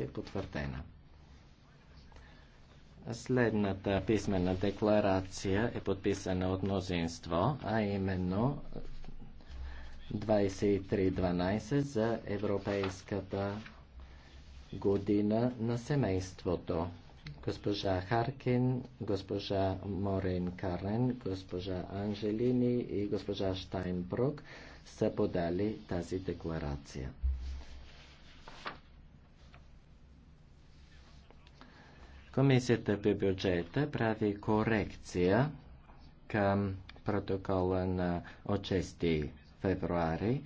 е потвърдена. Следната писмена декларация е подписана от мнозинство, а именно 2312 за Европейската година на семейството. Госпожа Харкин, госпожа Морин Карен, госпожа Анжелини и госпожа Штайнбрук са подали тази декларация. Комисията по бюджета прави корекция към протокола на от 6 февруари